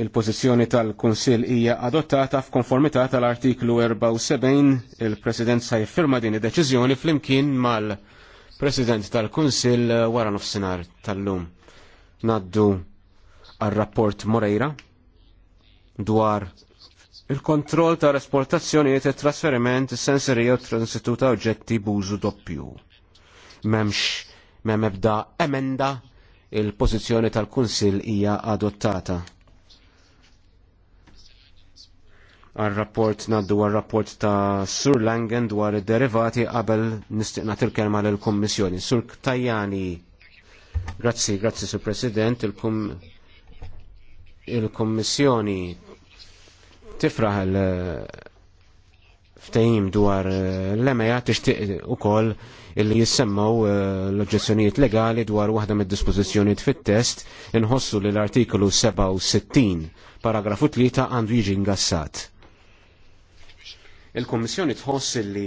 Il-pożizzjoni tal-Kunsill hija adottata f'konformità tal-artiklu 74 il-President sa jiffirma din id-deċiżjoni flimkien mal-President tal-Kunsill wara nofsinhar tal-lum. Naddu għar-rapport Moreira dwar il-kontroll ta' esportazzjonijiet e trasferiment sensorija u transitu ta' oġġetti b'użu doppju. Memx, mem ebda emenda il-pożizzjoni tal-Kunsill hija adottata. għal-rapport naddu għal-rapport ta' Sur Langen dwar id-derivati qabel nistiqna til-kelma l-Kommissjoni. Sur Tajani, grazzi, grazzi Sur President, il-Kommissjoni tifraħ l eh, ftajim dwar eh, l-emeja tixtiq u koll illi jissemmaw eh, l-oġġezzjonijiet legali dwar waħda mid dispożizzjonijiet fit-test inħossu li l artiklu 67 paragrafu 3 għandu jiġi ngassat Il-Kommissjoni tħoss li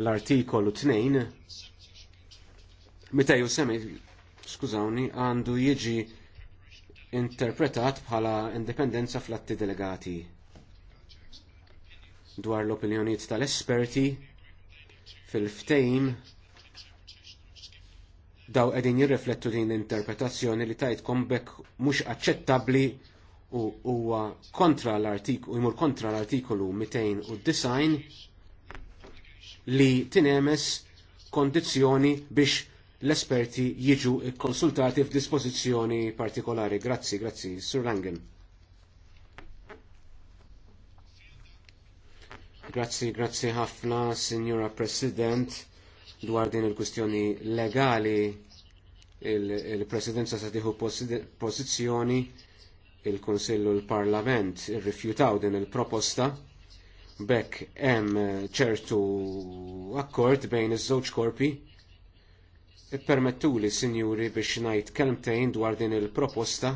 l-artikolu 2 meta jusemi, skużawni, għandu jiġi interpretat bħala indipendenza fl-atti delegati dwar l-opinjoniet tal-esperti fil-ftejm daw edin jirreflettu din l-interpretazzjoni li tajt kombek mux aċċettabli u huwa kontra l u jmur kontra l-artikolu 209 li tinemes kondizzjoni biex l-esperti jiġu konsultati f'dispożizzjoni partikolari. Grazzi, grazzi, Sur Langen. Grazzi, grazzi ħafna, Signora President, dwar din il-kustjoni legali il-presidenza il sa tiħu pożizzjoni il-Konsillu l-Parlament rifjutaw din il-proposta bekk hemm eh, ċertu akkord bejn iż-żewġ korpi ippermettuli sinjuri biex ngħid kelmtejn dwar din il-proposta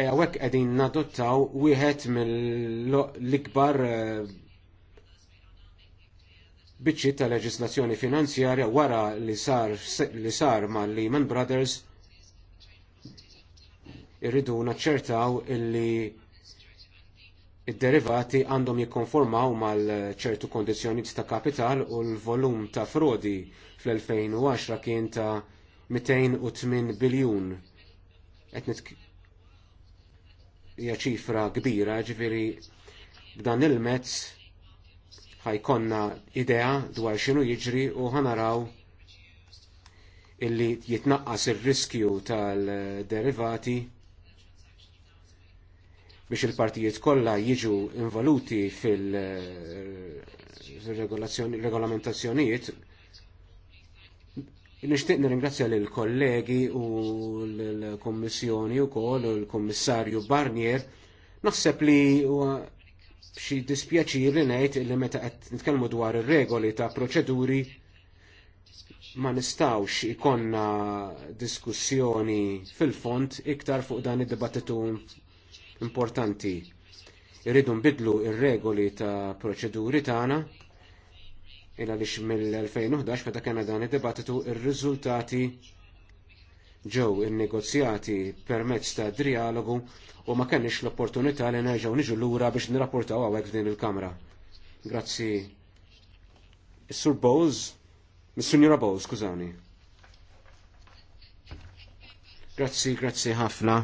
E qegħdin nadottaw wieħed mill-ikbar eh, biċċi ta' leġislazzjoni finanzjarja wara li sar, li sar ma' Lehman Brothers irridu naċċertaw illi id-derivati għandhom jikkonformaw mal ċertu kundizzjonijiet ta' kapital u l-volum ta' frodi fl-2010 kien ta' 208 biljun. hija ċifra kbira, ġifieri b'dan il-mezz ħajkonna idea dwar x'inhu jiġri u ħanaraw illi jitnaqqas ir-riskju tal-derivati biex il-partijiet kollha jiġu involuti fil-regolamentazzjonijiet. Eh, Nishtiq nirringrazzja lill kollegi u l-Kommissjoni u kol u l-Kommissarju Barnier. Naħseb li u xi dispjaċir li ngħid li meta qed nitkellmu dwar ir-regoli ta' proċeduri ma nistawx ikonna diskussjoni fil fond iktar fuq dan id-dibattitu importanti. Irridu nbidlu r regoli ta' proċeduri tagħna il għaliex mill-2011 meta kena dan id-dibattitu ir-riżultati ġew innegozjati permezz ta' drialogu u ma kenniex l-opportunità li nerġgħu niġu lura biex nirrapportaw hawnhekk f'din il-Kamra. Grazzi. Is-Sur Bowes, mis-Sunjura Bowles, skużani. Grazzi, grazzi ħafna.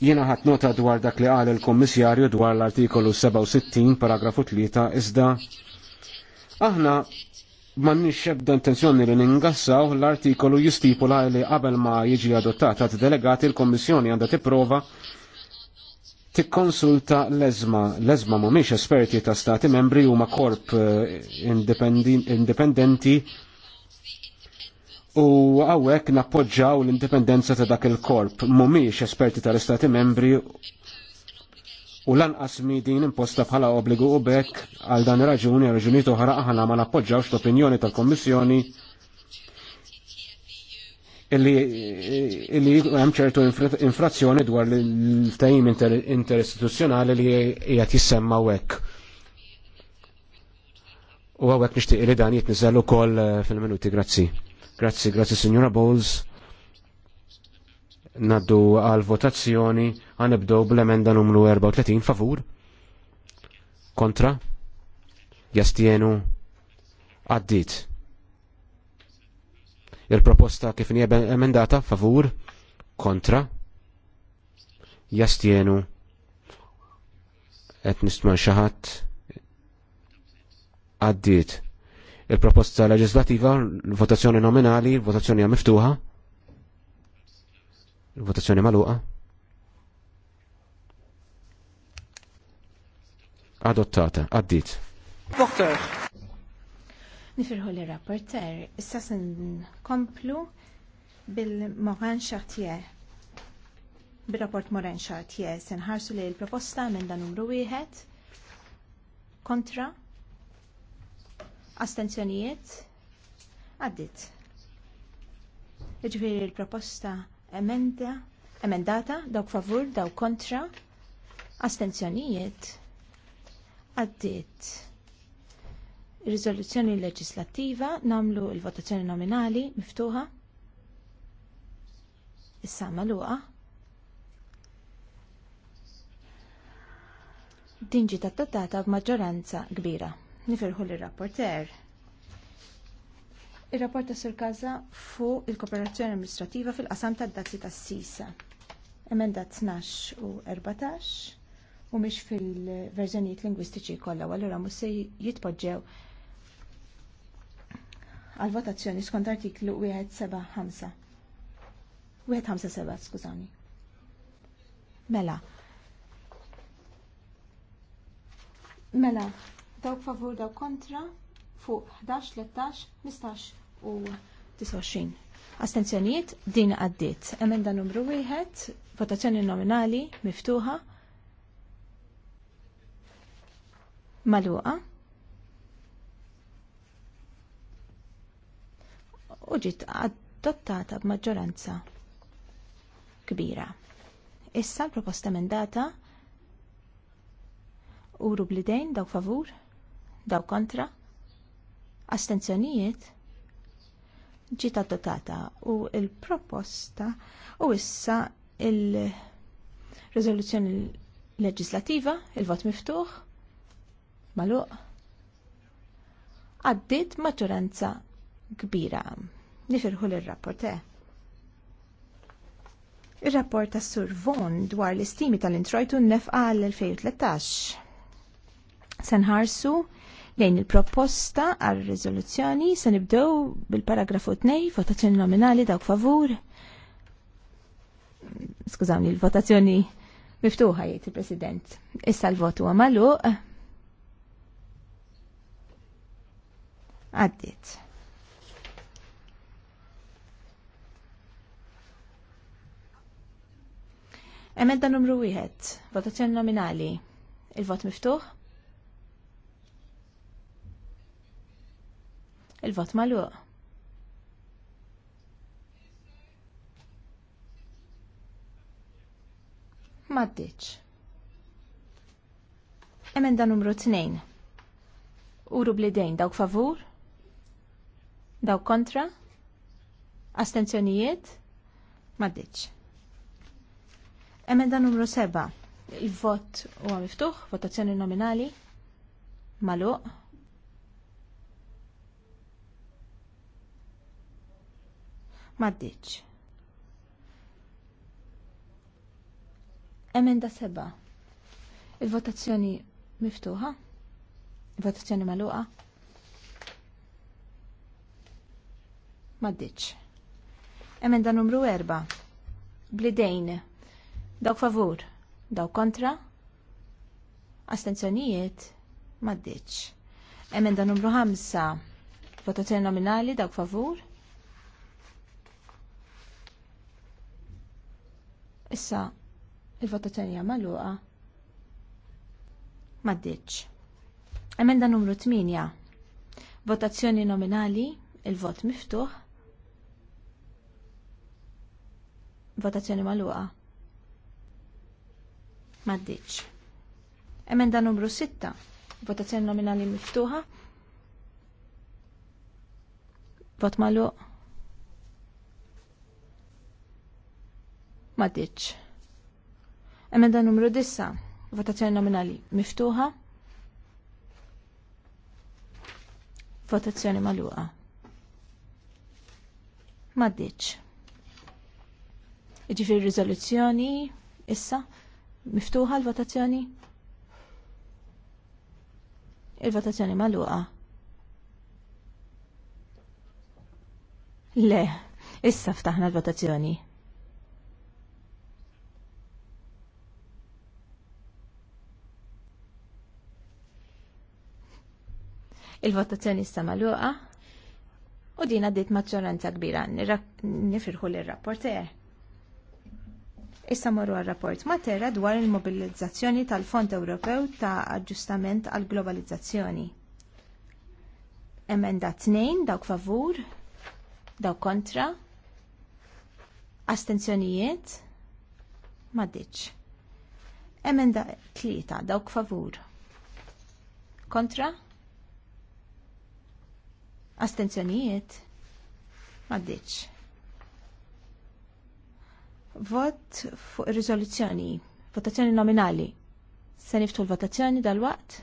Jiena ħadd nota dwar dak li qal il-Kummissarju dwar l-artikolu 67 paragrafu 3 iżda aħna m'għandniex ebda intenzjoni li ningassaw l-artikolu jistipula li qabel ma jiġi adottat għad delegati l-Kommissjoni għandha tipprova tikkonsulta l-ezma. L-ezma mhumiex esperti ta' stati membri huma korp eh, indipendenti U għawek nappoġġaw l-indipendenza ta' dak il-korp, mumiex esperti tal-Istati membri u lanqas mi din imposta bħala obbligu u bekk għal dan raġuni għal raġuni toħra aħna ma nappoġġawx l-opinjoni tal-Kommissjoni illi hemm ċertu infrazzjoni dwar l-tajim interistituzzjonali li qiegħed jissemma hekk. U għawek nixtieq li dan jitniżel ukoll eh, fil-minuti, grazzi. Grazzi, grazzi Signora Bowles. Naddu għal votazzjoni għanibdow bl-emenda numru 34 favur. Kontra. Jastienu. Għaddit. Il-proposta kif emendata favur. Kontra. Jastienu. Et nistma xaħat. Għaddit il-proposta leġislativa, votazzjoni nominali, votazzjoni miftuħa, votazzjoni maluqa. Adottata, addit. Nifirħu li rapporter, issa sen komplu bil-Moran Chartier. Bil-rapport Moran Chartier, sen ħarsu li l-proposta minn dan numru wieħed kontra Astenzjonijiet? Għaddit. Iġviri l-proposta emenda, emendata, dawk favur, dawk kontra. Astenzjonijiet? Għaddit. Rizoluzzjoni leġislattiva namlu il-votazzjoni nominali miftuħa. Issa maluqa. Dinġi tat-tattata b'maġġoranza kbira nifirħu l-rapporter. Il-rapport ta' Sir Kaza fuq il-kooperazzjoni amministrativa fil-qasam ta' dazzi ta' Sisa. Emenda 12 u 14 u mhix fil-verżjonijiet lingwistiċi kollha, allura musse jitpoġġew għal votazzjoni skont artiklu 175. 157, skużani. Mela. Mela, Dawk favur dawk kontra fuq 11, 13, 15 u 29. Astenzjonijiet din għaddiet. Emenda numru 1, votazzjoni nominali miftuħa. Maluqa. u ġiet adottata b'maġġoranza kbira. Issa l-proposta emendata uru blidejn dawk favur? daw kontra, astenzjonijiet, ġiet dotata u l proposta u issa il-rezoluzzjoni leġislativa, il-vot miftuħ, maluq, għaddit maġġoranza kbira. Nifirħu l-rapporte. Eh? Il-rapport tas Sur Von dwar l-istimi tal-introjtu n-nefqa l-2013. Senħarsu lejn il-proposta għal riżoluzzjoni se nibdew bil-paragrafu 2, votazzjoni nominali dawk favur. Skużawni, il-votazzjoni miftuħa jgħid il-President. Issa l-votu huwa magħluq. Għaddiet. Emenda numru wieħed, votazzjoni nominali. Il-vot miftuħ? Il-vot maluq. Maddiċ. Emenda numru 2. Uru blidejn dawk favur? Dawk kontra? Astenzjonijiet? Maddiċ. Emenda numru 7. Il-vot huwa għamiftuħ, votazzjoni nominali. Maluq. Maddiċ. Emenda seba. Il-votazzjoni miftuħa. Il-votazzjoni maluqa. Maddiċ. Emenda numru erba. Blidejn. Dawk favur. Daw kontra. Astenzjonijiet. Maddiċ. Emenda numru 5. Votazzjoni nominali. Dawk favur Issa, il-votazzjoni hija magħluqa. Maddiċ. Emenda numru 8. Votazzjoni nominali, il-vot miftuħ. Votazzjoni magħluqa. Maddiċ. Emenda numru 6. Votazzjoni nominali miftuħa. Vot magħluq. ma ditx. Emenda numru 9, votazzjoni nominali miftuħa. Votazzjoni maluqa. Ma ditx. Iġifiri rizoluzzjoni issa miftuħa l-votazzjoni. Il-votazzjoni maluqa. Le, issa ftaħna l-votazzjoni. il-votazzjoni issa magħluqa u din għaddiet maġġoranza kbira nifirħu rapport rapporter Issa morru għal-rapport Matera dwar il-mobilizzazzjoni tal-Fond Ewropew ta' aġġustament għall globalizzazzjoni Emenda tnejn dawk favur, dawk kontra, astenzjonijiet, maddiċ. Emenda tlieta dawk favur, kontra, Astenzjonijiet? Maddiċ. Vot fuq ir-riżoluzzjoni. Votazzjoni nominali. Se niftu l-votazzjoni dal-waqt?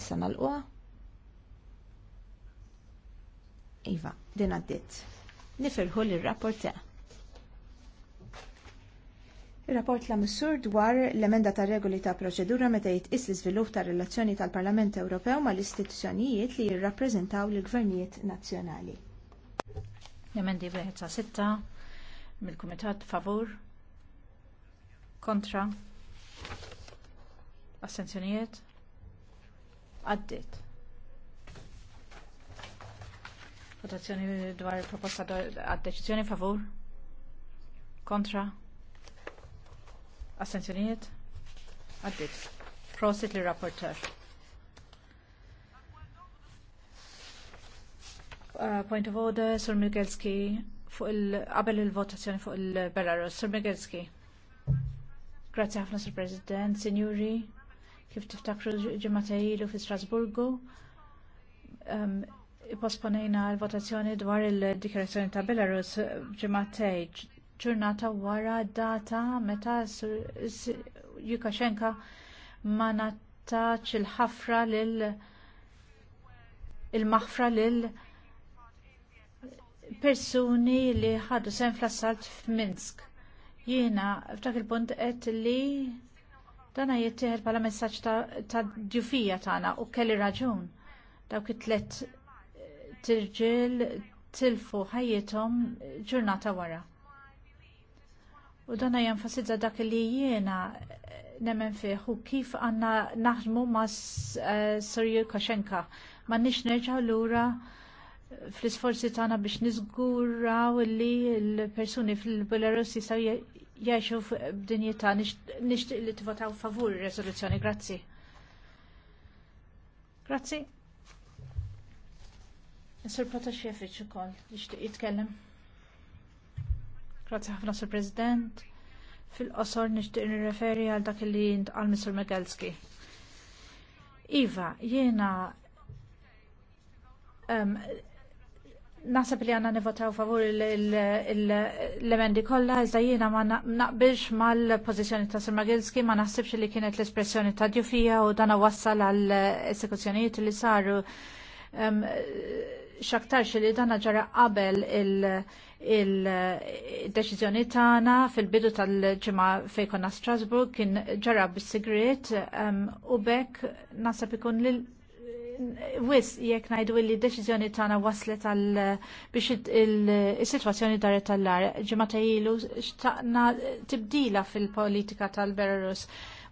Issa nal qua Iva, din għaddit. Nifirħu l-rapporter. Il-rapport la missur dwar l-emenda ta' regoli ta' proċedura meta jitqis l-iżvilupp ta' relazzjoni tal-Parlament Ewropew mal istituzzjonijiet li jirrappreżentaw l-gvernijiet nazzjonali. L-emendi wieħed sa' sitta mill-Kumitat favur kontra assenzjonijiet għaddit. Votazzjoni dwar proposta għad deċiżjoni favur kontra Assenzjonijiet? Għaddit. Prosit li rapporter. Uh, point of order, Sur Migelski, fuq il-qabel il-votazzjoni fuq il-Belarus. Sur Migelski. Grazie ħafna, Sur President, Signori, kif tiftakru ġematajilu fi Strasburgu. Um, Posponejna l-votazzjoni dwar il-dikjerazzjoni ta' Belarus ġematej ġurnata wara data meta Jukashenka ma ngħatax il-ħafra lil il-maħfra lil persuni li ħadu sen fl-assalt f'Minsk. Jiena f'dak il-punt qed li dana jittieħed bħala messaġġ ta' djufija tagħna u kelli raġun dawk it-tlet tirġiel tilfu ħajjithom ġurnata wara. U dana jenfasizza dak li jiena nemmen fih u kif għanna naħdmu ma eh, Sorju Kaxenka Ma nix nerġaw l-ura fl-isforzi tagħna biex niżguraw li l-persuni fil-Belarus jistgħu jgħixu b'dinjità nixtieq li t-votaw favur ir-resoluzzjoni. Grazzi. Grazzi. Sir Protasjevic ukoll nixtieq jitkellem. Grazie ħafna, Sur President. Fil-qosor nixtieq nirreferi għal dak li għal Mr. Megelski. Iva, jiena um, nasab li għanna nivotaw favur l-emendi kolla, iżda jiena ma naqbilx mal-pozizjoni ta' Sir Magilski, ma naħsibx li kienet l-espressjoni ta' djufija u dana wassal għal esekuzzjonijiet li saru. Um, xaktarx li dana ġara qabel il-deċizjoni il, il tagħna fil-bidu tal-ġimgħa fejn konna Strasburg kien ġara bis-sigriet um, u bekk nasab ikun lil wis jekk ngħidu li d-deċiżjoni tagħna waslet għal biex is-sitwazzjoni daret tal-lar ġimgħa ilu xtaqna tibdila fil-politika tal-Belarus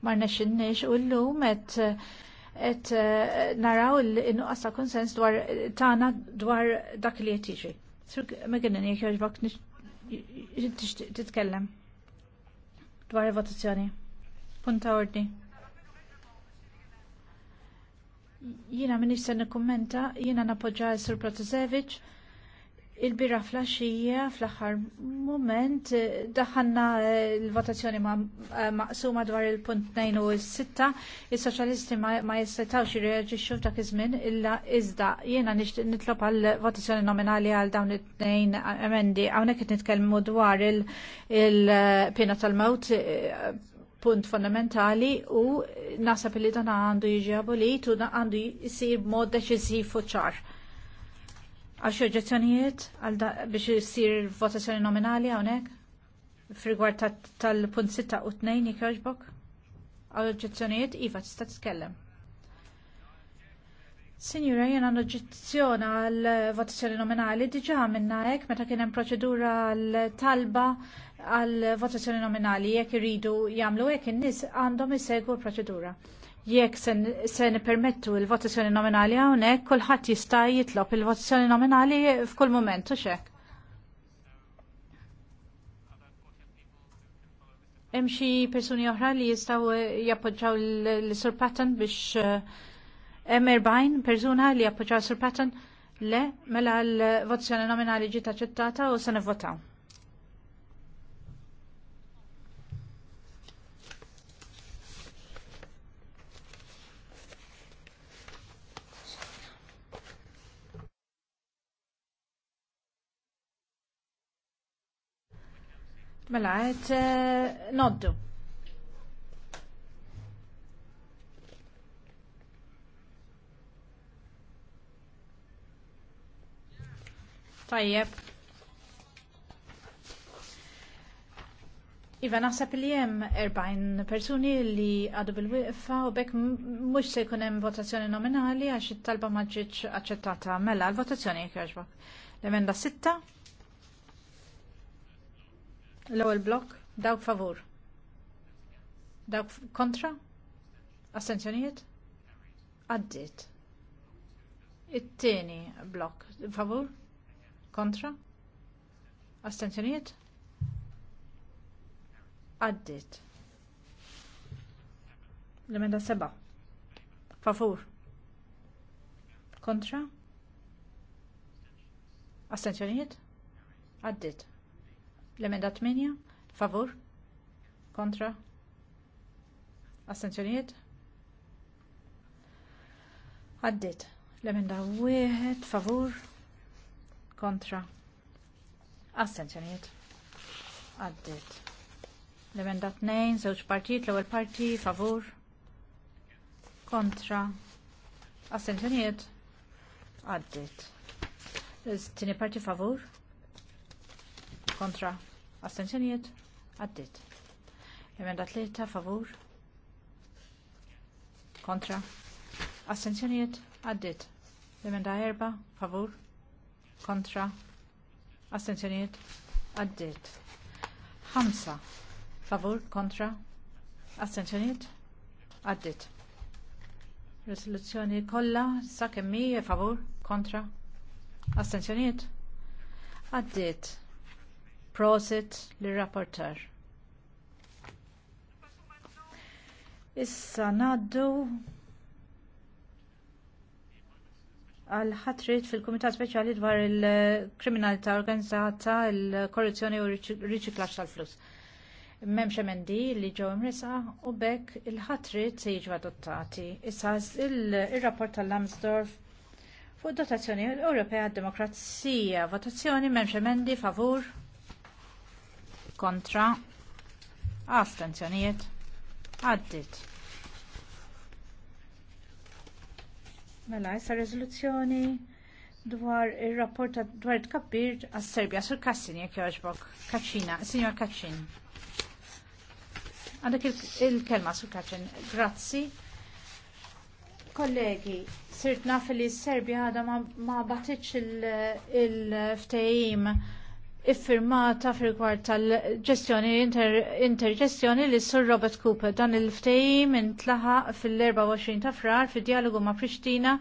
ma rnexxinniex u llum qed et eh, naraw l nuqqas ta' konsens dwar tana dwar dak li qed jiġi. ma' għinnin jek jogħġbok titkellem dwar votazzjoni. Punta ordni. Jina minix se nikkummenta, jina napoġġa Sur Protasevich il-bira flaxija fl-axar moment eh, daħanna eh, l-votazzjoni eh, maqsuma dwar il-punt 2 il-soċalisti ma jissetawx jirreġiċu f'dak iż-żmien illa iżda jiena nitlob għal votazzjoni nominali għal dawn it-tnejn emendi hawnhekk qed nitkellmu dwar il pina tal-mewt punt fondamentali u nasa li dan għandu jiġi abolit u għandu jisir b'mod deċisiv fuċar. ċar. Għal xie oġġezzjonijiet biex isir votazzjoni nominali hawnhekk f'rigward tal-punt 6 u 2 jekk Għal oġġezzjonijiet iva tista' tkellem? Sinjura, jena noġizzjona għal votazzjoni nominali diġa minna ek meta kienem proċedura għal talba għal votazzjoni nominali jek iridu jamlu ek in-nis għandhom isegu l-proċedura. Jekk se nipermettu il-votazzjoni nominali hawnhekk, kulħadd jista' jitlob il-votazzjoni nominali f'kull moment u xek. Hemm xi persuni oħra li jistgħu eh, jappoġġaw l-Sur Patton biex eh, hemm erbajn persuna li jappoġġaw Sur Patton le mela l-votazzjoni nominali ġiet aċċettata u se nivvotaw. Mela, għet eh, noddu. Tajjeb. Iva naħseb li hemm 40 persuni li għadu bil wifa u bekk mhux se jkun hemm votazzjoni nominali għax it-talba maġġiċ aċċettata. Mela l-votazzjoni jekk L-emenda 6 L-ewwel blok dawk favur. Dawk kontra? Astenzjonijiet? Għaddiet. It-tieni blok favur? Kontra? Astenzjonijiet? Għaddiet. L-emenda seba. Favur. Kontra? Astenzjonijiet? Għaddiet. L-emenda 8, favor? kontra, astenzjoniet. Għaddit. L-emenda 1, favur, kontra, astenzjoniet. Għaddit. L-emenda 2, żewġ partit, l ewel parti, favur, kontra, astenzjoniet. Għaddit. Tini parti favur, kontra astenzjoniet għaddit. Emenda tlieta favur kontra astenzjoniet għaddit. Emenda erba favur kontra astenzjoniet għaddit. Hamsa favur kontra astenzjoniet għaddit. Resoluzzjoni kollha sa kemm favur kontra astenzjoniet għaddit. Prosit l-rapportar. Issa naddu għal ħatrit fil-Kumitat Speċjali dwar il-Kriminalità Organizzata, il-Korruzzjoni u riċiklax tal-flus. Memx emendi li ġew imrisa u bekk il-ħatrit se jiġu adottati. Issa il-rapport tal-Lamsdorf fuq dotazzjoni Ewropea għad-Demokrazija, votazzjoni memx emendi favur kontra astenzjonijiet għaddit. Mela, issa rezoluzzjoni dwar ir rapport dwar it-kabbir għas-Serbja sur Kassin jekk jogħġbok. Kaċina, Signor Kaċin. Għandek il-kelma sur Kaċin. Grazzi. Kollegi, sirt naf li s-Serbja għadha ma, ma batitx il-ftehim il il ftehim iffirmata fil kwart tal-ġestjoni interġestjoni li sur Robert Cooper dan il-ftejim intlaħa fil-24 ta' frar fil-dialogu ma' Pristina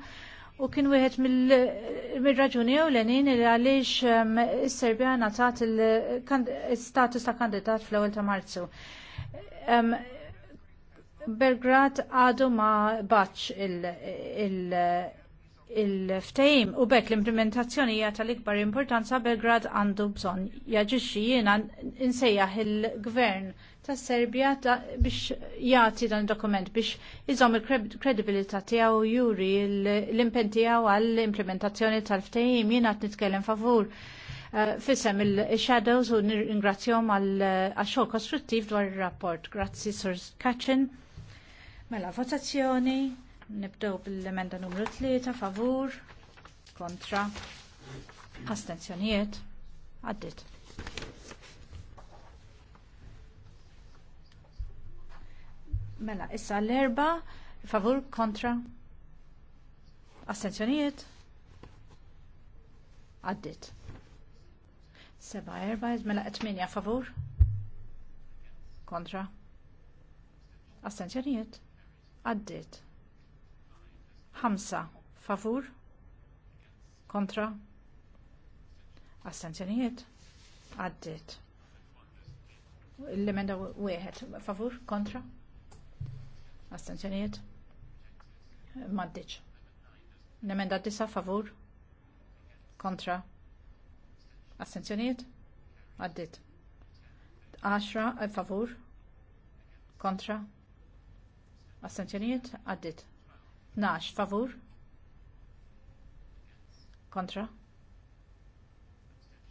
u kien wieħed mill-raġuni u l-enin li għaliex ehm, is-Serbja natat il-status ta' kandidat fl 1 ta' Marzu. Ehm, Belgrad għadu ma' baċ il- il-ftajim u bekk l-implementazzjoni hija tal-ikbar importanza Belgrad għandu bżonn jaġixxi jiena insejjaħ il-gvern tas Serbja biex jagħti dan dokument biex iżomm il-kredibilità tiegħu juri l-impenn tiegħu għall-implementazzjoni tal-ftajim jiena qed nitkellem favur eh, fisem il-shadows u nirringrazzjahom għal-xogħol kostruttiv dwar ir-rapport. Grazzi Sur Kacin. Mela votazzjoni. Nibdew bil-emenda numru 3, favur, kontra, astenzjonijiet, għaddit. Mela, issa l-erba, favur, kontra, astenzjonijiet, għaddit. Seba erba, mela etminja favur, kontra, astenzjonijiet, għaddit. Ħamsa favur kontra astenzjonijiet għaddiet. L-emenda wieħed favur kontra astenzjonijiet maddiċ. L-emenda disa favur kontra astenzjonijiet għaddiet. 10 eh, favur kontra astenzjonijiet għaddiet. 12 favur kontra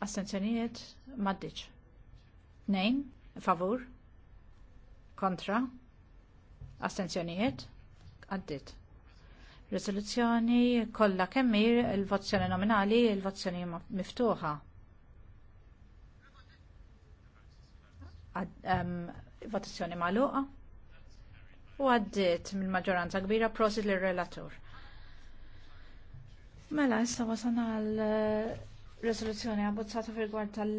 astenzjonijiet maddiċ 2 favur kontra astenzjonijiet għaddit Resoluzzjoni kollha kemm il-vozzjoni nominali il-vozzjoni miftuħa. Votazzjoni magħluqa u għaddiet minn maġoranza kbira prosit l relatur Mela, issa wasan għal Resoluzzjoni għabbozzata fil rigward tal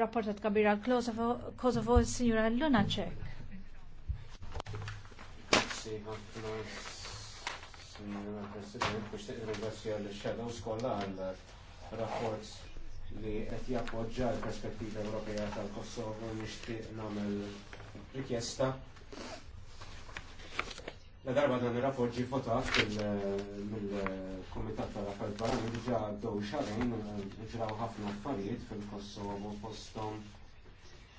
rapportat ta' għal Kosovo il-Sinjura Luna Ċek. Signora President, biex ringrazzja l-Shadow Skolla għal rapport li qed jappoġġa l-perspettiva Ewropea tal-Kosovo nixtieq nagħmel rikjesta La darba dan il-rapport ġi votat mill-Komitat tal affar Barani diġa għaddew xarajn ġraw ħafna affarijiet fil-Kosovo postom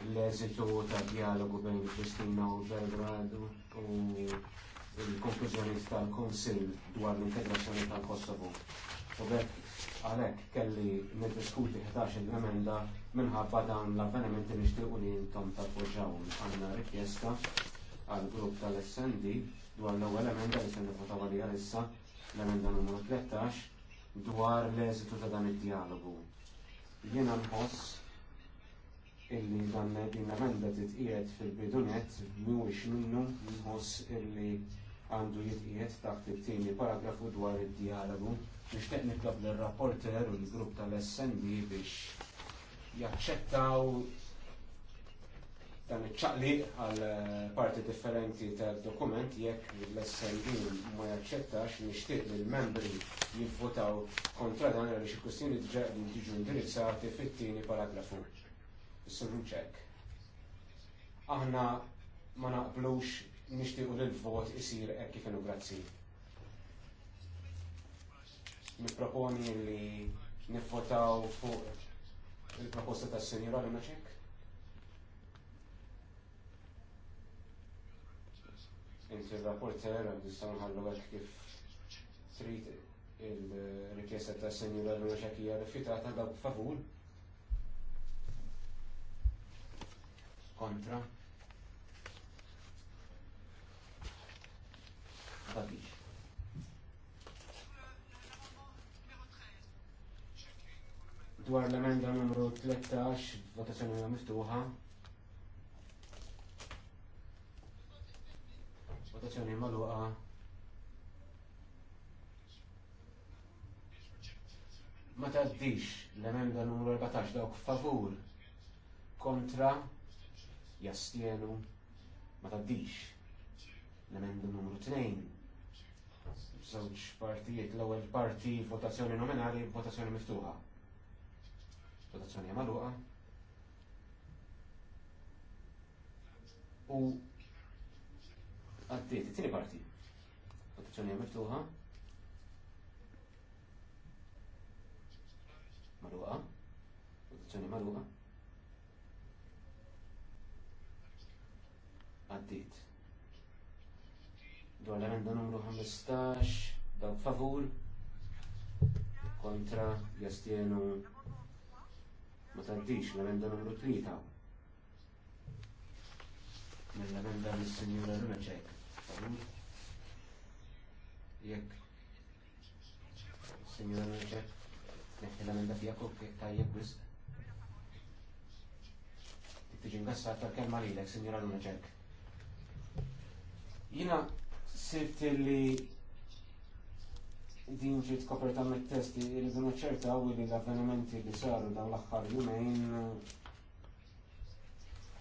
l-eżitu ta' dialogu bejn Kristina u Belgradu u il-konklużjoni tal-Konsil dwar l-integrazzjoni tal-Kosovo. U bekk għalhekk kelli niddiskuti 11 l-emenda minħabba dan l-avvenimenti li jintom ta' intom tappoġġawhom għandna rikjesta għall grupp tal-SND dwar l-ewwel emenda li se nivvotaw għalija issa l-emenda numru 13 dwar l-eżitu ta' dan id-dialogu. Jiena nħoss illi dan din l-emenda titqiet fil-bidunet mhuwiex minnu nħoss illi għandu jitqiet taħt it-tieni paragrafu dwar id-dialogu. Nixtieq nitlob lir rapporter u l-grupp tal-SND biex jaċċettaw dan iċċaqli għal eh, parti differenti tad dokument jekk l-SND ma jaċċettax nixtieq li l-membri jivvotaw kontra dan għal xi kwistjoni diġà li jiġu indirizzati fit-tieni paragrafu. is ċekk. Aħna ma naqblux nixtiequ li l-vot isir hekk kif inhu grazzi. Nipproponi li nivvotaw fuq il-proposta tas-Senjura Lunaċek? Inti il-rapporter għandu sanħallu għal kif trid il-rikjesta ta' senjura l-għuna xakija rifjutata daw favur. Kontra. Babix. Dwar l-emenda numru 13, votazzjoni miftuħa. Votazzjoni maluqa. Ma taddix l-emenda numru 14 dawk favur kontra jastienu ma taddix l emenda numru 2 żewġ partijiet, l-ewwel parti votazzjoni nominali, votazzjoni miftuħa. Votazzjoni magħluqa. U Għaddiet, it-tieni parti. Votazzjoni miftuħa. Maluqa. Votazzjoni maluqa. Għaddiet. Dwar l-emenda numru 15, dawk favur, kontra jastienu ma taddix l-emenda numru 3 mill-emenda mis-Sinjura Lunaċek. Jekk. Signora Mircek, neħħela minn dak Jakob jekk tajjeb wisq. Tiġi ngassata kelma lilek, Signora Mircek. Jina sibt li din ġiet koperta mit-testi, irridu ċerta u li l-avvenimenti li saru dawn l-aħħar jumejn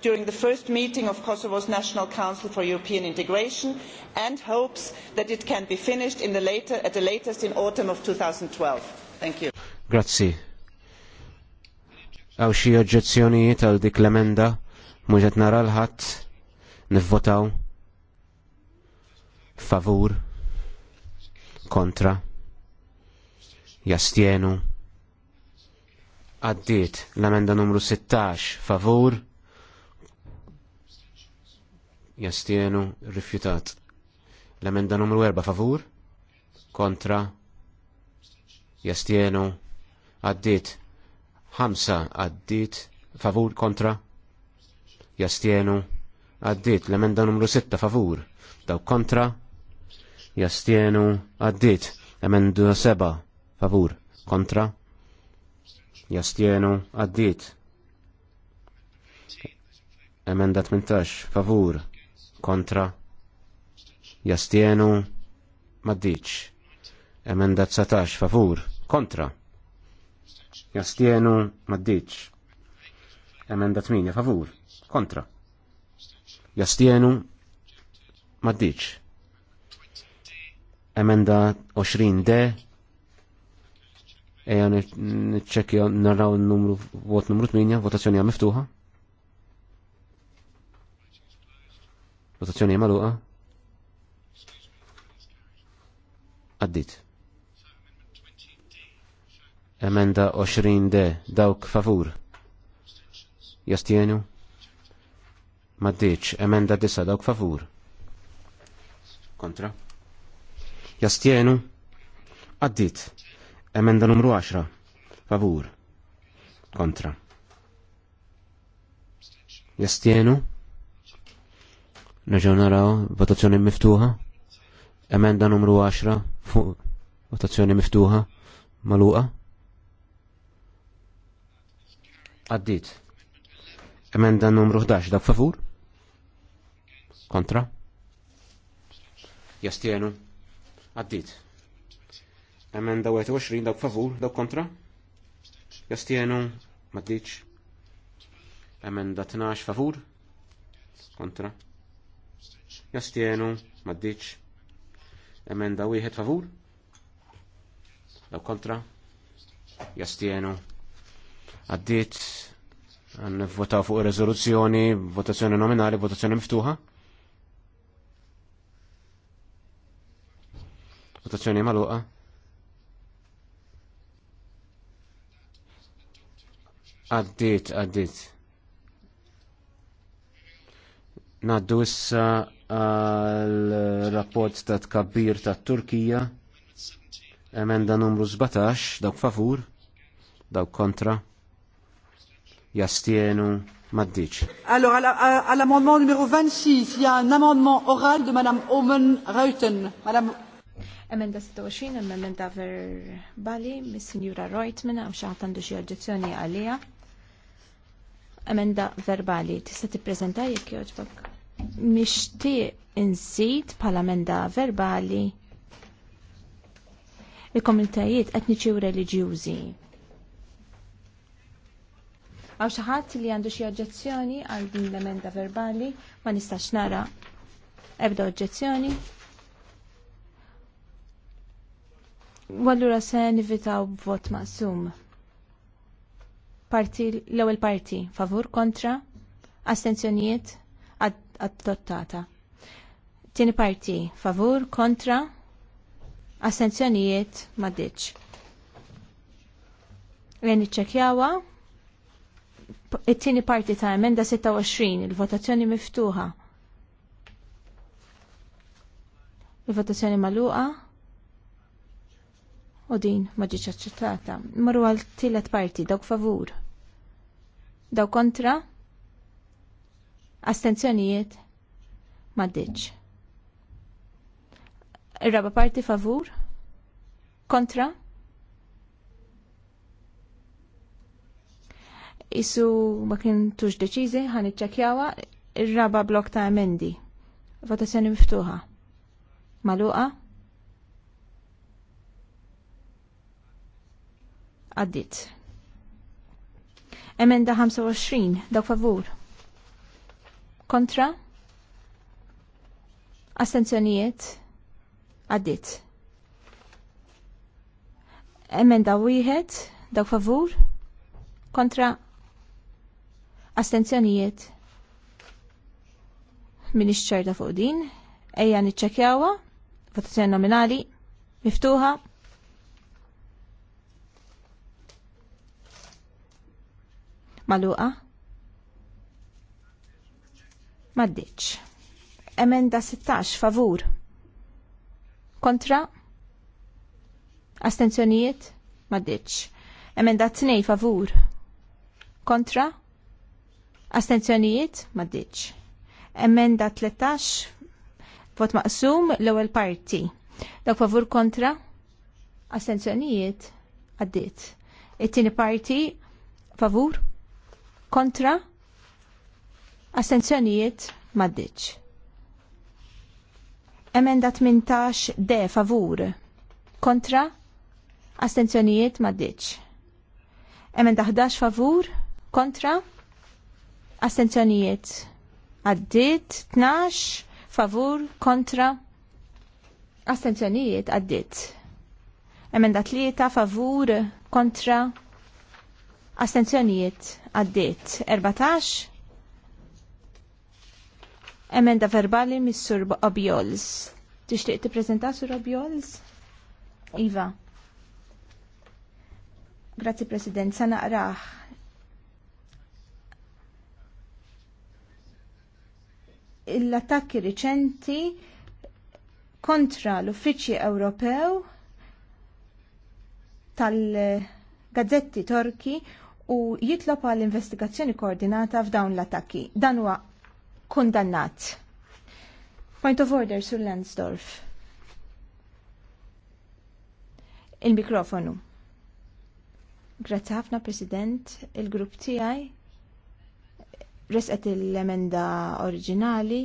during the first meeting of Kosovo's National Council for European Integration and hopes that it can be finished in the later, at the latest in autumn of 2012. Thank you. Grazzi. Għaw xie oġġezzjonijiet għal dik l-emenda, muġet nara l favur, kontra, jastienu, għaddiet l-emenda numru 16, favur, jastienu rifjutat. L-emenda numru 4 favur kontra jastienu għaddit 5 għaddit favur kontra jastienu għaddit l-emenda numru 6 favur daw kontra jastienu għaddit l-emenda 7 favur kontra jastienu għaddit emenda 18 favur kontra jastienu maddiċ emenda 19 favur kontra jastienu maddiċ emenda 8 favur kontra jastienu maddiċ emenda 20 d eja nċekja naraw n-numru vot numru 8 votazzjoni miftuħa Votazzjoni maluqa. Għaddit. Emenda 20D. Dawk favur. Jastienu. Maddiċ. Emenda 9. Dawk favur. Kontra. Jastienu. Għaddit. Emenda numru 10. Favur. Kontra. Jastienu. Nerġaw naraw votazzjoni miftuħa. Emenda numru 10 fuq votazzjoni miftuħa maluqa. Għaddit. Emenda numru 11 dak favur. Kontra. Jastienu. Għaddit. Emenda 21 da' favur dak kontra. Jastienu. Maddiċ. Emenda 12 favur. Kontra jastienu, maddiċ, emenda wieħed favur, daw kontra, jastienu, għaddit, għan votaw fuq rezoluzzjoni, votazzjoni nominali, votazzjoni miftuħa. Votazzjoni maluqa. Għaddit, għaddit. Naddu issa għal rapport ta' tkabbir ta' Turkija, emenda numru 17, dawk favur, dawk kontra, jastienu maddiċ. Allora à l'amendement numéro 26, jgħan y un amendement oral de Madame Omen Reuten. Madame... Emenda 26, emenda verbali, mis Signora Reutman, għam xaħtandu xie oġġezzjoni għalija. Emenda verbali, tista' tippreżenta jekk jogħġbok? Mixtieq insit bħala menda verbali il-komunitajiet etniċi u reliġjużi. Għaw xaħat li għandu xie oġġezzjoni għal din l-emenda verbali, ma nistax nara ebda oġġezzjoni. Wallura se nivitaw b'vot maqsum. Parti, l-ewel parti, favur, kontra, astenzjonijiet, adottata. Tieni parti favur kontra assenzjonijiet maddiċ. Lejn iċċekjawa it-tieni parti ta' emenda 26 il-votazzjoni miftuħa. Il-votazzjoni magħluqa u din ma ġietx aċċettata. Marru għal tielet parti dawk favur. Dawk kontra Astenzjonijiet? Maddiċ. Ir-raba parti favur? Kontra? Isu ma kintux deċiżi, ħan iċċekjawa, ir-raba blok ta' emendi. Votazzjoni miftuħa. Maluqa? Għaddit. Emenda 25, dak favur kontra astenzjonijiet għaddit. Emenda wieħed daw favur kontra astenzjonijiet min ċerta fuq din ejja niċċekjawha votazzjoni nominali miftuħa maluqa Maddiċ. Emenda 16 favur. Kontra? Astenzjonijiet? Maddiċ. Emenda 2 favur. Kontra? Astenzjonijiet? Maddiċ. Emenda 13 vot maqsum l-ewwel parti. Dok favur kontra? Astenzjonijiet? Għaddiet. It-tieni parti favur? Kontra? Astenzjonijiet maddiċ. Emenda 18 de favur. Kontra? Astenzjonijiet maddiċ. Emenda 11 favur. Kontra? Astenzjonijiet. Addit 12 favur. Kontra? Astenzjonijiet addit. Emenda 3 favur. Kontra? Astenzjonijiet addit. 14 Emenda verbali mis-sur Objols. Tixtieq tippreżenta sur Objols? Iva. Grazzi President, sa naqrah. L-attakki riċenti kontra l-Uffiċċju Ewropew tal-gazzetti torki u jitlob għal investigazzjoni koordinata f'dawn l-attakki. Dan huwa kundannat. Point of order sur Lansdorf. Il-mikrofonu. Grazzi ħafna President, il-grupp tiegħi resqet l-emenda oriġinali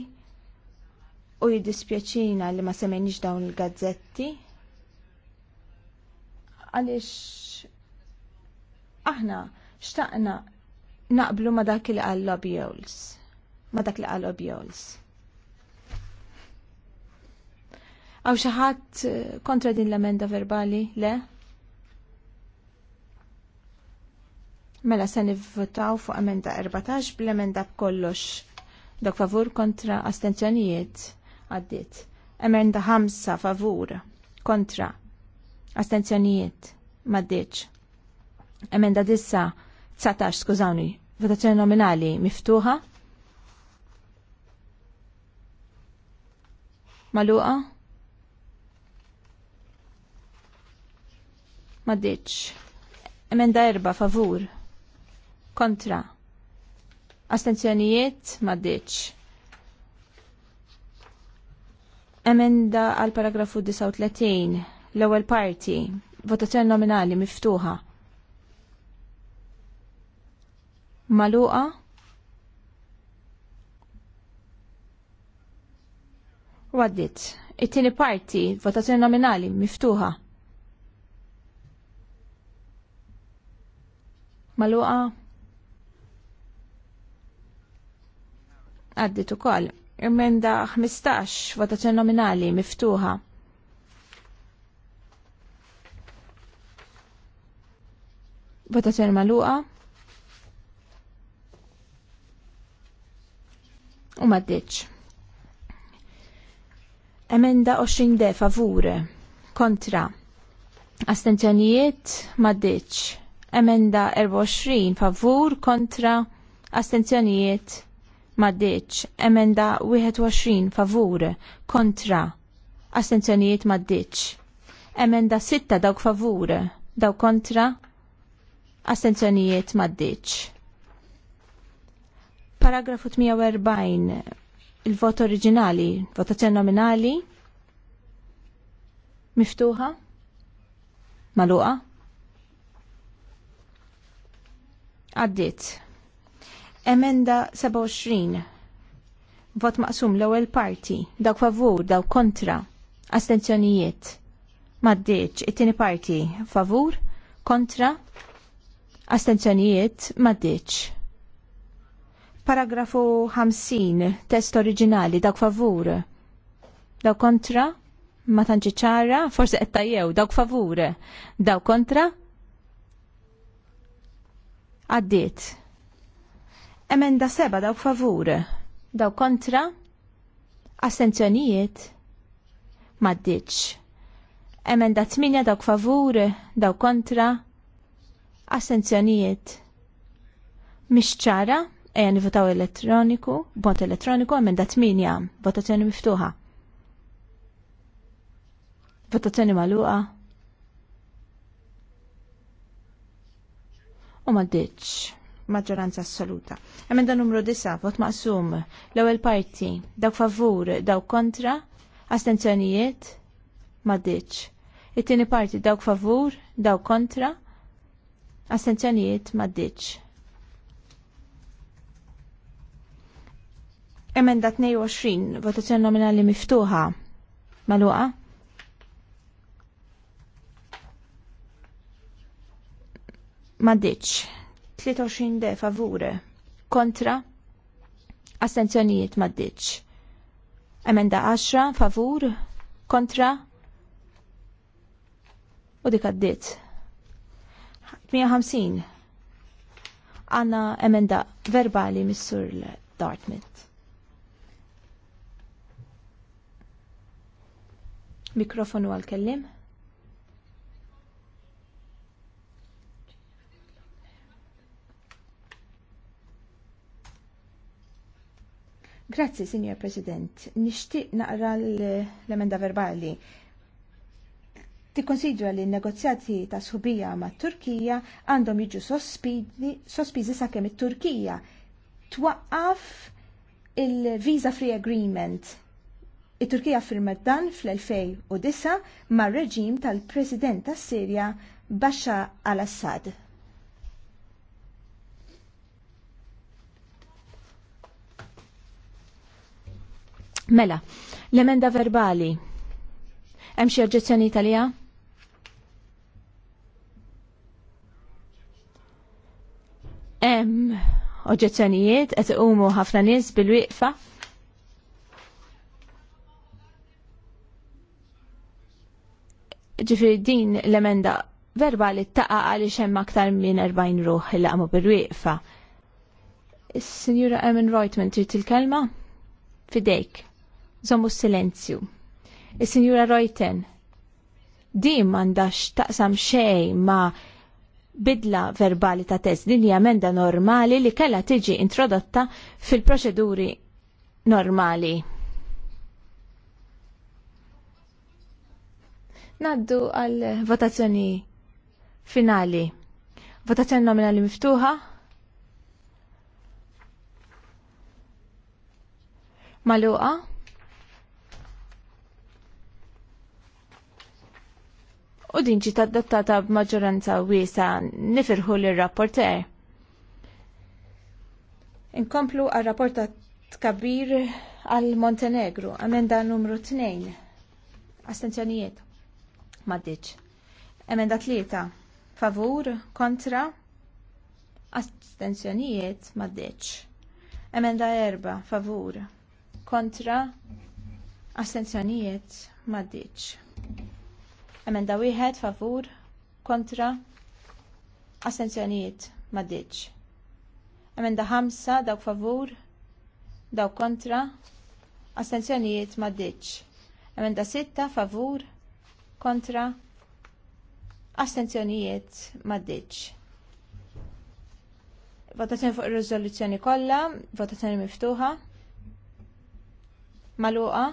u jiddispjaċina li ma semenix dawn il-gazzetti għaliex aħna xtaqna naqblu ma dak il qal Lobby ma dak li qalob jols. Għaw xaħat eh, kontra din l-emenda verbali, le? Mela se nivvotaw fuq emenda 14 bl-emenda b'kollox. Dak favur kontra astenzjonijiet għaddit. Emenda 5 favur kontra astenzjonijiet maddiċ. Emenda 9 19 skużawni, votazzjoni nominali miftuħa. Maluqa? Maddiċ. Emenda erba, favur. Kontra. Astenzjonijiet? Maddiċ. Emenda għal paragrafu 39, l-ewwel parti, votazzjoni nominali miftuħa. Maluqa? Waddit, It-tieni parti, votazzjoni nominali, miftuħa. Maluqa. Għaddit ukoll. emenda 15, votazzjoni nominali, miftuħa. Votazzjoni maluqa. U maddiċ. Emenda 20 de favur kontra. Astenzjonijiet maddiċ. Emenda 24 favur kontra. Astenzjonijiet maddiċ. Emenda 21 favur kontra. Astenzjonijiet maddiċ. Emenda 6 dawk favur daw kontra. Astenzjonijiet maddiċ. Paragrafu 140 il-vot oriġinali, votazzjoni nominali, miftuħa, maluqa, għaddit. Emenda 27, vot maqsum l ewwel parti, dawk favur, dawk kontra, astenzjonijiet, maddiċ, it-tini parti, favur, kontra, astenzjonijiet, maddiċ. Paragrafu 50, test oriġinali, dak favur. Dak kontra? Ma tanċi ċara, forse qed jew, dawk favur, dawk kontra? għaddit. Emenda seba dawk favur, dawk kontra? Assenzjonijiet? Maddiċ. Emenda 8 dawk favur, dawk kontra? Assenzjonijiet? Mix ċara? E votaw elettroniku, bot elettroniku, emenda 8, votazzjoni miftuħa. Votazzjoni maluqa. U ma ditx, maġġoranza assoluta. Emenda numru 9, vot maqsum, l-ewel parti, dawk favur, dawk kontra, astenzjonijiet, ditx. It-tieni parti, dawk favur, dawk kontra, astenzjonijiet, maddiċ. Emenda 22, votazzjoni nominali miftuħa. Maluqa? Maddiċ. 23 de favure. Kontra? Astenzjonijiet maddiċ. Emenda 10, favur? Kontra? U dik għaddit. 150. Għanna emenda verbali missur Dartmouth. Mikrofonu għal-kellim. Grazzi, Signor President. Nishtiq naqra l-emenda verbali. Tikkonsidra li n-negozjati ta' sħubija ma' Turkija għandhom jiġu sospiżi sakemm it-Turkija twaqqaf il-Visa Free Agreement It-Turkija firmet dan fl-2009 mar reġim tal-President tas sirja Bashar al-Assad. Mela, l-emenda verbali. Hemm xi oġġezzjoni Italija? Hemm oġġezzjonijiet qed iqumu ħafna nies bil-wieqfa Ġifiri din l-emenda verbali taqa għaliex hemm aktar minn 40 ruħ li għamu bil wieqfa Is-Sinjura Emin Reutman trid il-kelma? Fidejk. Żommu silenzju. Is-Sinjura Din mandax taqsam xejn ma' bidla verbali ta' test din hija emenda normali li kellha tiġi introdotta fil-proċeduri normali. Naddu għal votazzjoni finali. Votazzjoni nominali miftuħa. Maluqa. u din ġiet adattata b'maġġoranza wiesa nifirħu lir rapporter Inkomplu għal rapporta tkabbir għal Montenegro, amenda numru 2. Astenzjonijiet maddiċ. Emenda tlieta favur kontra astenzjonijiet maddiċ. Emenda erba favur kontra astenzjonijiet maddiċ. Emenda wieħed favur kontra astenzjonijiet maddiċ. Emenda ħamsa dawk favur dawk kontra astenzjonijiet maddiċ. Emenda sitta favur kontra astenzjonijiet maddiċ. Votazzjoni fuq ir-riżoluzzjoni kollha, votazzjoni miftuħa. Maluqa.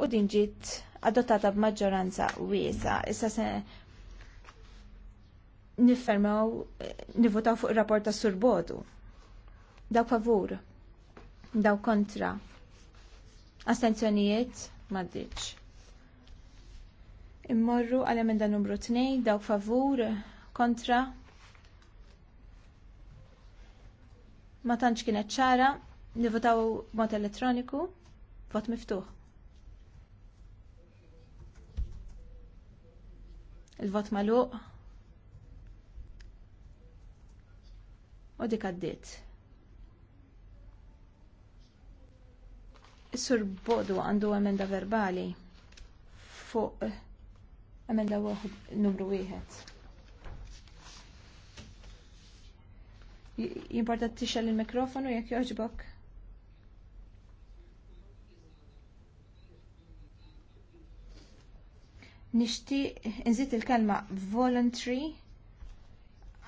U din ġiet adottata b'maġġoranza wiesa. Issa se niffermaw eh, nivvotaw fuq ir-rapport tas Surbodu. Dawk favur daw kontra astenzjonijiet maddiċ. Immorru għal emenda numru 2 daw favur kontra ma tantx kienet ċara nivotaw mod elettroniku vot miftuħ. Il-vot magħluq. u dik għaddiet. Sur Bodu għandu emenda verbali fuq eh, emenda waħed numru wieħed. Jimporta t-tixal il-mikrofonu jekk joġbok? Nishti nżit il-kelma voluntary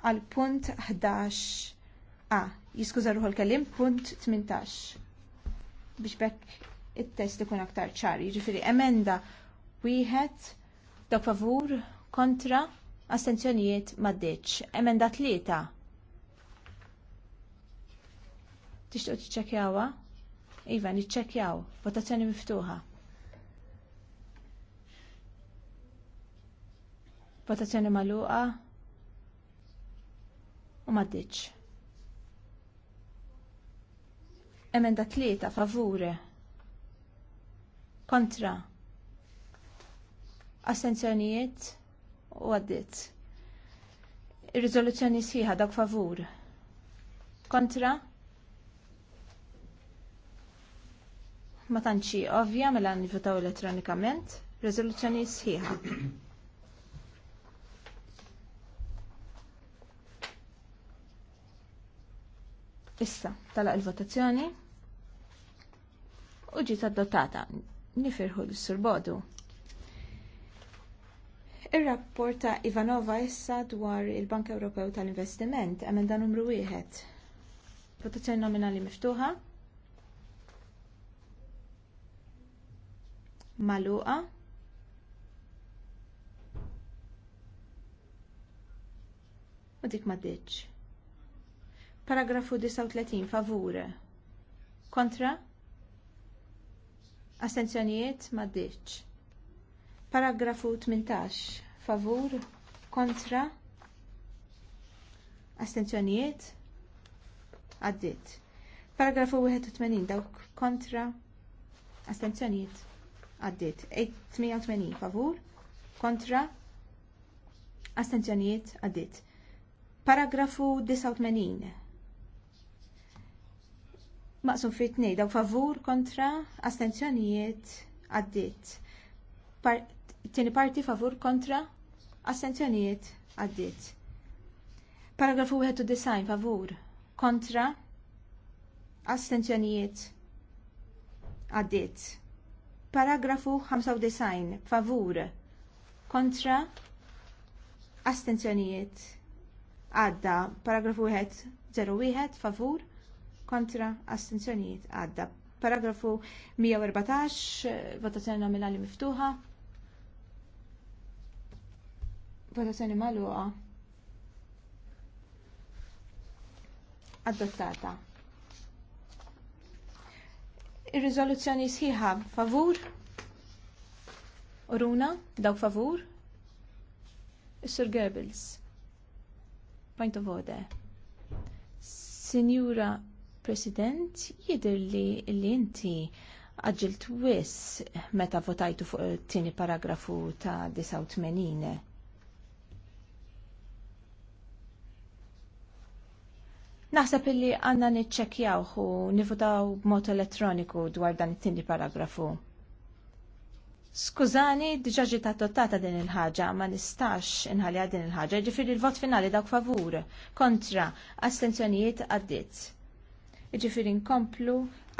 għal punt 11. Ah, jiskuza ruħu l-kelim, punt 18 biex bekk it-test ikun aktar ċari. Ġifiri, emenda wieħed dak favur kontra astenzjonijiet maddeċ. Emenda tlieta. Tixtuq t-ċekjawa? Iva, niċċekjaw. Votazzjoni miftuħa. Votazzjoni maluqa u maddeċ. Emenda tlieta favur kontra astenzjonijiet u għaddit. Ir-riżoluzzjoni sħiħa dak favur kontra ma tantxi ovvja mela nivutaw elettronikament, rezoluzzjoni sħiħa. Issa, tala il-votazzjoni u ġiet adottata. Nifirħu l-Sur Bodu. Ir-rapport ta' Ivanova issa dwar il-Bank Ewropew tal-Investiment, emenda numru wieħed. Votazzjoni nominali miftuħa. Maluqa. U dik ma Paragrafu 39 favur. Kontra? Astenzjonijiet maddiċ. Paragrafu 18. Favur kontra astenzjonijiet għaddit. Paragrafu 81 dawk kontra astenzjonijiet għaddit. 88 favur kontra astenzjonijiet għaddit. Paragrafu 89 maqsum fit tnej daw favur kontra astenzjonijiet għaddit. tieni parti favur kontra astenzjonijiet għaddit. Paragrafu 91 favur kontra astenzjonijiet għaddit. Paragrafu 95 favur kontra astenzjonijiet għadda. Paragrafu 101 favur kontra astenzjonijiet għadda. Paragrafu 114, votazzjoni nominali miftuħa. Votazzjoni magħluqa. Adottata. Ir-riżoluzzjoni sħiħa favur. Uruna, dawk favur. Sir Goebbels. Point of order. Signora President, jidher li li inti għagġilt wis meta votajtu fuq it tieni paragrafu ta' 89. Naħseb illi għandna niċċekkjaw u nivotaw b'mod elettroniku dwar dan it-tieni paragrafu. Skużani, diġa ġiet adottata din il-ħaġa, ma nistax inħalja din il-ħaġa, ġifieri l-vot finali dawk favur, kontra, astenzjonijiet għaddiet. Ġifiri nkomplu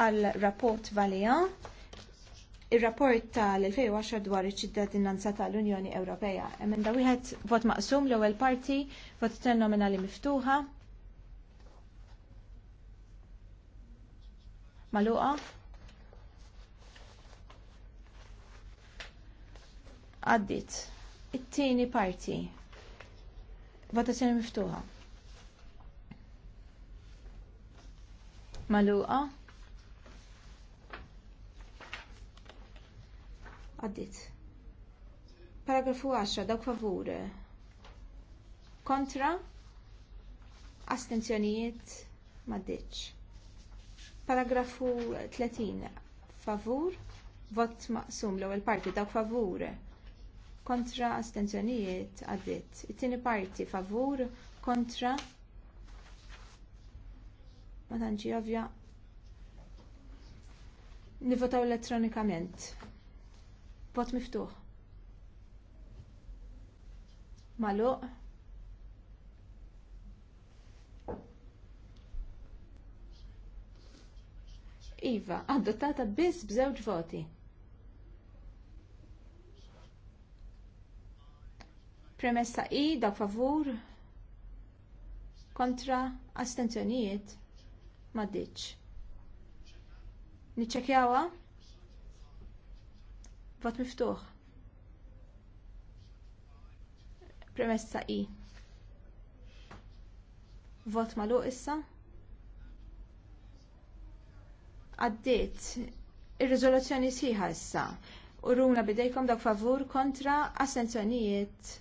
għal rapport valija il-rapport tal-2010 dwar iċ-ċittadinanza tal-Unjoni Ewropea. Emenda wieħed vot maqsum l-ewwel parti, vot ten nominali miftuħa. Maluqa. Għaddit. It-tieni parti. Votazzjoni miftuħa. Maluqa. Għaddit. Paragrafu 10, dawk favure Kontra. Astenzjonijiet maddiċ. Paragrafu 30, favur. Vot maqsum l-ewwel parti dawk favur. Kontra astenzjonijiet għaddit. It-tieni parti favur kontra ma tanġi ovvja. Nivotaw elettronikament. Vot miftuħ. Maluq. Iva, adottata biss b'żewġ voti. Premessa I, da favur, kontra, astenzjonijiet ma ditx. Vot miftuħ. Premessa I. Vot magħluq issa? Għaddiet ir-riżoluzzjoni sħiħa issa. Urruna bidejkom dak favur kontra assenzjonijiet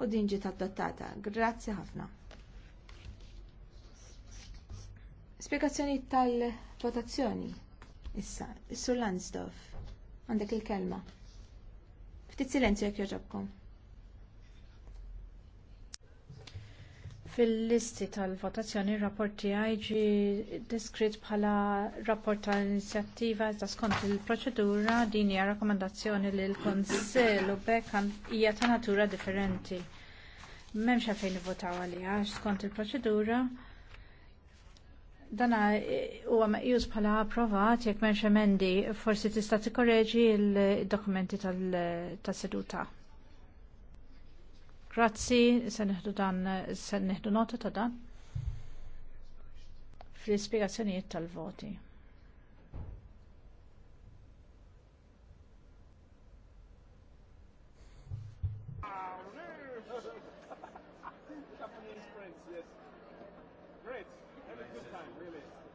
u din ġiet adottata. Grazzi ħafna. Spiegazzjoni tal-votazzjoni. Issa, Sur Lansdorf, għandek il-kelma. Ftit silenzju jekk joġobkom. Fil-listi tal-votazzjoni rapporti għajġi diskrit bħala rapport tal inizjattiva ta' skont il-proċedura din hija rakkomandazzjoni li l konsil u bekk hija ta' natura differenti. M'hemmx għalfejn votaw għalija skont il-proċedura. Dan eh, huwa meqjus bħala approvat jekk m'hemmx emendi, forsi tista' t-korreġi il dokumenti tas-seduta. Grazzi, se neħdu dan se neħdu nota ta' dan fl-ispjegazzjonijiet tal-voti.